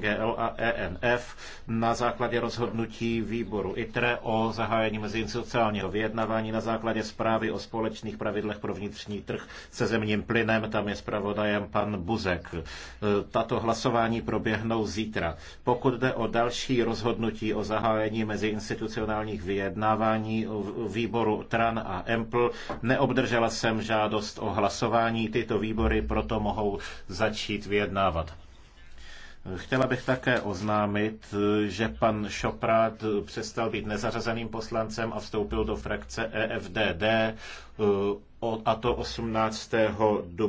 GL a ENF na základě rozhodnutí výboru ITRE o zahájení meziinstitucionálního vyjednávání na základě zprávy o společných pravidlech pro vnitřní trh se zemním plynem. Tam je zpravodajem pan Buzek. E, tato hlasování proběhnou zítra. Pokud jde o další rozhodnutí o zahájení meziinstitucionálních vyjednávání výboru TRAN a EMPL, neobdržela jsem žádost o hlasování. Tyto výbory proto mohou začít vyjednávat. Chtěla bych také oznámit, že pan Šoprát přestal být nezařazeným poslancem a vstoupil do frakce EFDD, eh, a to 18. dubna.